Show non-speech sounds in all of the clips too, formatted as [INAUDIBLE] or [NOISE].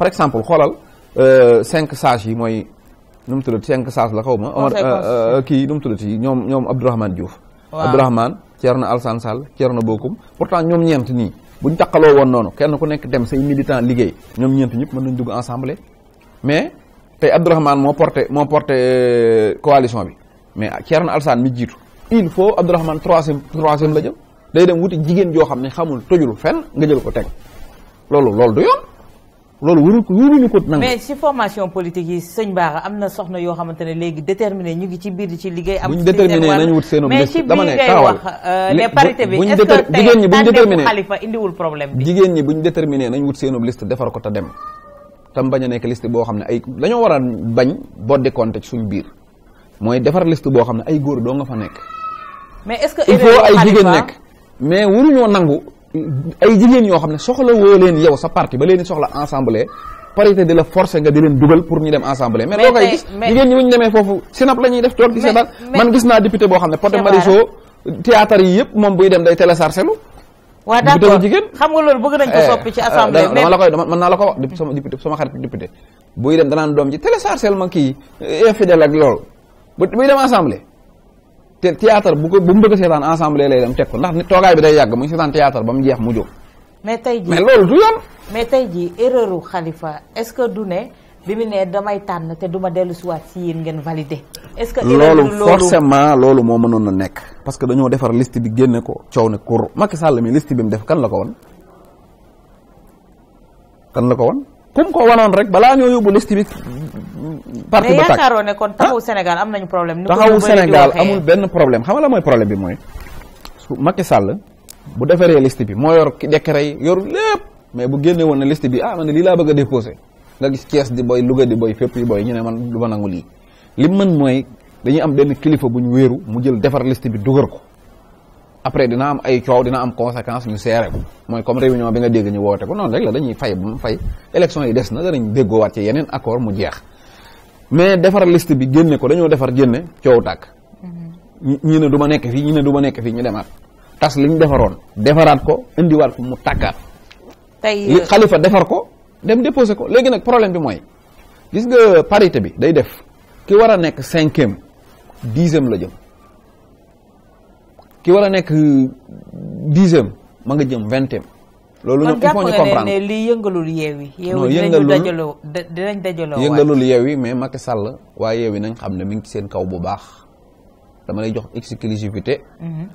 par exemple xoolal euh, cinq sages yi mooy nu mu tuddati cinq sages la xaw ma. Omar euh, euh, kii nu mu tuddati ñoom ñoom Abdourahmane Diouf. waaw Abdourahmane Thierno Alassane na Thierno pour pourtant ñoom ñeent nii buñ taqaloo woon noonu kenn ku nekk dem say militant liggéey ñoom ñeent ñëpp mën nañ dugg ensemble mais tey Abdourahmane moo porté moo porté coalition bi mais na alsaan mi jiitu il faut Abdourahmane troisième troisième la jël day dem wuti jigéen joo xam ne xamul tojul fenn nga jël ko teg loolu loolu waru waruñu ko nangu. mais ci formation politique yi sëñ Bara am na soxna yoo xamante ne léegi déterminé ñu ngi ci biir ci liggéey. am buñ déterminé nañu wut seen mais ci biir ngay wax euh, ne nañu wut seen liste defar ko te dem tam bañ a nekk liste boo xam ne ay dañoo war a bañ boddi compte ci suñu biir mooy defar list boo xam ne ay góor doo nga fa nekk. mais est-ce que il faut ay jigéen nangu. ay jigéen ñoo xam ne soxla woo leen yow sa parti ba leen soxla assemblée parité di la forcer nga di leen dugal pour ñu dem assemblée mais doo koy gis jigéen ñi bu ñu demee foofu sinap la def toog di seetaan man gis naa député boo xam ne Pod Marichou théâtre yi yëpp moom buy eh, eh, la koy mën député sama xarit député buy dem danaan doom ji télé sarsel ma kii infidèle eh, ak loolu buy dem assemblée te théâtre bu ko bu mu bëgg a seetaan ensemble lay dem teg ko ndax toogaay bi day yàgg mu ngi seetaan théâtre ba mu jeex mu jóg. mais tey jii mais loolu du yoon. mais ce que du ne bi mu ne damay tànn te du ma dellu si waat si yéen ngeen validé. est-ce que loolu forcément loolu moo mënoon na nekk. parce que dañoo defar liste bi génne ko coow ne kur Macky Sall mi liste bi mu def kan la ko won kan la ko won ku mu ko wanoon rek balaa ñoo yóbbu liste bi parti ba tàkk mais kon ah. taxawu Sénégal am nañu problème. taxawu Sénégal amul benn problème xam nga mooy problème bi mooy. su Macky Sall bu defaree liste bi moo yor décret yi yor lépp mais bu génnewoon woon na bi ah man lii laa bëgg a déposé nga gis Thiès di boy Louga di boy fépp yi boy ñu ne man du ma nangu lii. li mën mooy dañuy am benn kilifa bu ñu wéeru mu jël defar liste bi dugal ko après dina am ay coow dina am conséquence ñu seere ko mooy comme réunion bi nga dégg ñu woote ko noonu fay bu mu fay yi des na danañ déggoowaat ci yeneen accord mu jeex. mais defar liste bi génne ko dañoo defar génne coow tàkk. Mhm. ñi ne du ma nekk fii ñi ne du ma nekk fii ñu demaat tas li ñu defaroon defaraat ko indiwaat ko mu tàkkaat. tey li xalifa defar ko dem déposé ko léegi nag problème bi mooy gis nga parité bi day def ki war a nekk cinquième dixième la jëm ki war a nekk dixième ma nga jëm vingtième. loolu ñoom li faut ñu comprendre kon jàpp nga ne lii yëngalul yeewi. waay yëngalul mais Macky Sall waaye yeewi nañ xam ne mi ngi ci seen kaw bu baax dama lay jox exclusivité. Mm-hmm.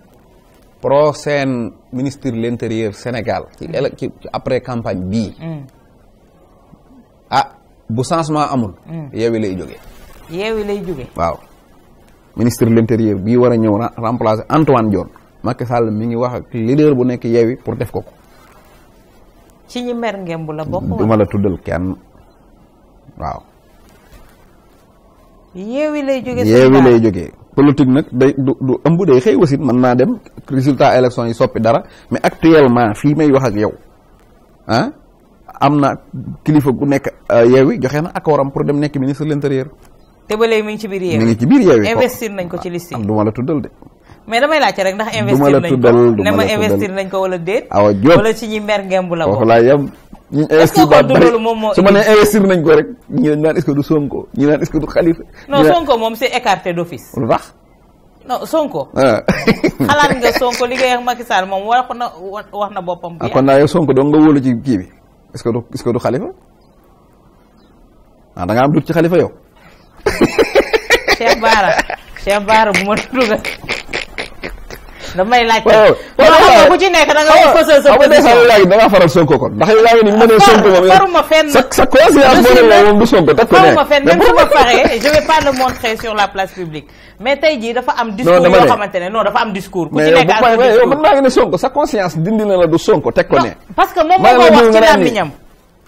prochain ministre de l'intérieur Sénégal. ci mm-hmm. après campagne bi mm. ah bu changement amul. Mm. yeewi lay jógee. yeewi lay jógee. waaw ministre de l'intérieur bii war a ñëw remplacer Antoine Diome Macky Sall mi ngi wax ak leader bu nekk yeewi pour def ko. ci ñi mer bu la bokk. du ma la tuddal kenn waaw. yeewi lay jógee. yeewi jógee politique nag day du du ëmb day xëy wasit mën naa dem résultat élection yi soppi dara mais actuellement fii may wax ak yow ah am na kilifa gu nekk euh, yeewi joxe na accord am pour dem nekk ministre de l'intérieur. te ba léegi mi ngi ci biir yeewi mi ngi ci biir yeewi investir nañ ko ci liste yi. am ah, du ma la tuddal de. mais damay laajte rek ndax investir nañ ko ne ma investir nañ ko wala déet. ci ñi mer ngemb la ko la yem. ñu investir ba bari nañ ko rek ñu naan est du Sonko ñu naan est du Khalifa. non Sonko moom c'est écarté d'office. lu tax. Sonko. Ah. [LAUGHS] xalaat nga Sonko liggéey ak Macky Sall moom wax na wax na boppam. bi ah, kon naa yow Sonko doon nga wóolu ci kii bi est-ce du est du Khalifa ah da nga am dut ci Khalifa yow. Cheikh Bara bu ma dugal. damay laajte waaw ku ci nekk da nga fësal sa faral sonko kon ndax yow yaa ngi ni mënee sonko sa sa conscience moo ne moom du sonko teg ma la place mais tey jii dafa am discours yoo xamante ne non dafa am discours ku ci nekk ak yow sonko sa conscience dindi na la du sonko teg ko ne parce que moom moo ko wax ci làmmiñam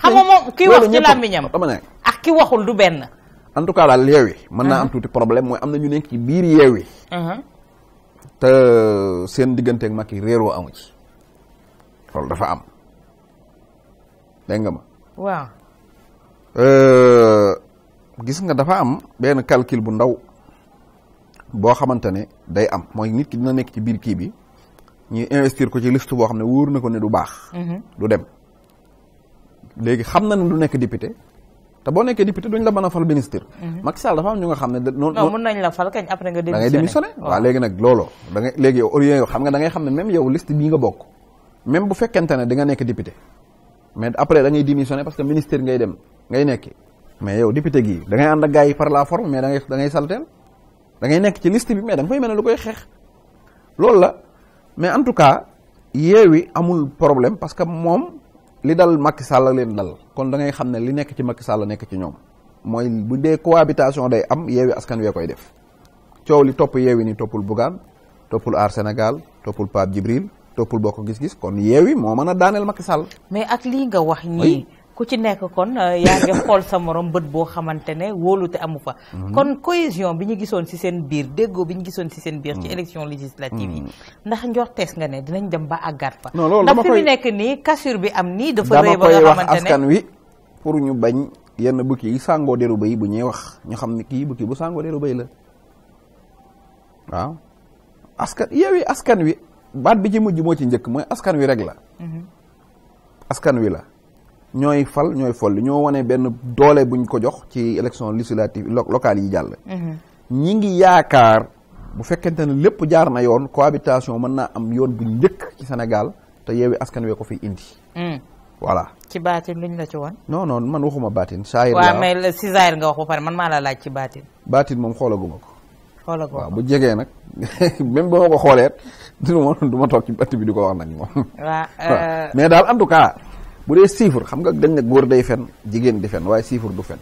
xam nga moom kii wax ci làmmiñam ak ki waxul du benn en tout cas daal yeewi mën naa am tuuti problème mooy am na ñu nekk ci biir yeewi te seen digganteeg Macky réeroo wa ci loolu dafa am dégg nga ma. waaw. Euh, gis nga dafa am benn calcul bu ndaw boo xamante ne day am mooy nit ki dina nekk ci biir kii bi ñuy investir ko ci liste boo xam ne wóor na ko ne du baax. Mhm. du dem léegi xam na ne du nekk député te boo nekkee député duñ la mën a fal ministre. Mhm. Macky Sall dafa am ñu nga xam ne. noonu non mën nga. démissionné da ngay démissionné waaw léegi nag looloo da léegi yow orien xam nga da xam ne même yow liste bii nga bokk même bu fekkente ne di nga nekk député mais après da ngay parce que ministère ngay dem ngay nekki mais yow député gii da ngay ànd ak par la forme mais da ngay da ngay salteel da ngay nekk ci liste bi mais da nga fay mel ne lu koy xeex loolu la mais en tout cas yeewi problème parce que moom li dal makk Sall leen dal kon da ngay xam ne li nekk ci Macky Sall nekk ci ñoom mooy bu dee cohabitation day am yeewi askan wee koy def coow li topp yeewi ni toppul Bougane toppul Aar Sénégal toppul Pape Djibril toppul Bokk Gis-Gis kon yeewi moo mën a daaneel Macky Sall. mais ak lii nga wax nii. ku ci nekk kon euh, yaa ngi xool sa morom bët boo xamante ne wóolute amu fa. Mhm. kon cohésion bi ñu gisoon ci seen biir déggoo bi ñu gisoon ci seen biir. ci mhm. élection législative yi. Mhm. ndax njortees nga ne dinañ dem ba àggaat fa. non loolu koy ndax fi mu nekk nii cassure bi am nii. dafa rëy ba nga xamante ne dama koy pour ñu bañ yenn bukki yi sàngoo deru bay bu ñuy wax ñu xam ni kii bukki bu sàngoo deru bay la waaw. askan yeewi askan wi baat bi ci mujj moo ci njëkk mooy askan wi rek la. la. ñooy fal ñooy folli ñoo wane benn doole buñ ko jox ci élection législative locale yi jàll. Mhm. ñi ngi yaakaar bu fekkente na lépp jaar na yoon cohabitation mën naa am yoon bu njëkk ci Sénégal te yeewi askan wee ko fi indi. Mm. voilà ci baatin luñ la ci woon. non non man waxuma baatin. saayir laa waaw mais si saayir nga wax ba pare man maa la laaj ci baatin. baatin moom xoolaguma ko. xoolaguma ko bu jegee nag [LAUGHS] même ba ma ko xoolee [LAUGHS] dina ma du ma toog ci bët bi di ko wax nag moom. [LAUGHS] Euh, mais daal bu dee chiffre xam nga dañ ne góor day fen jigéen di fen waaye chiffre du fen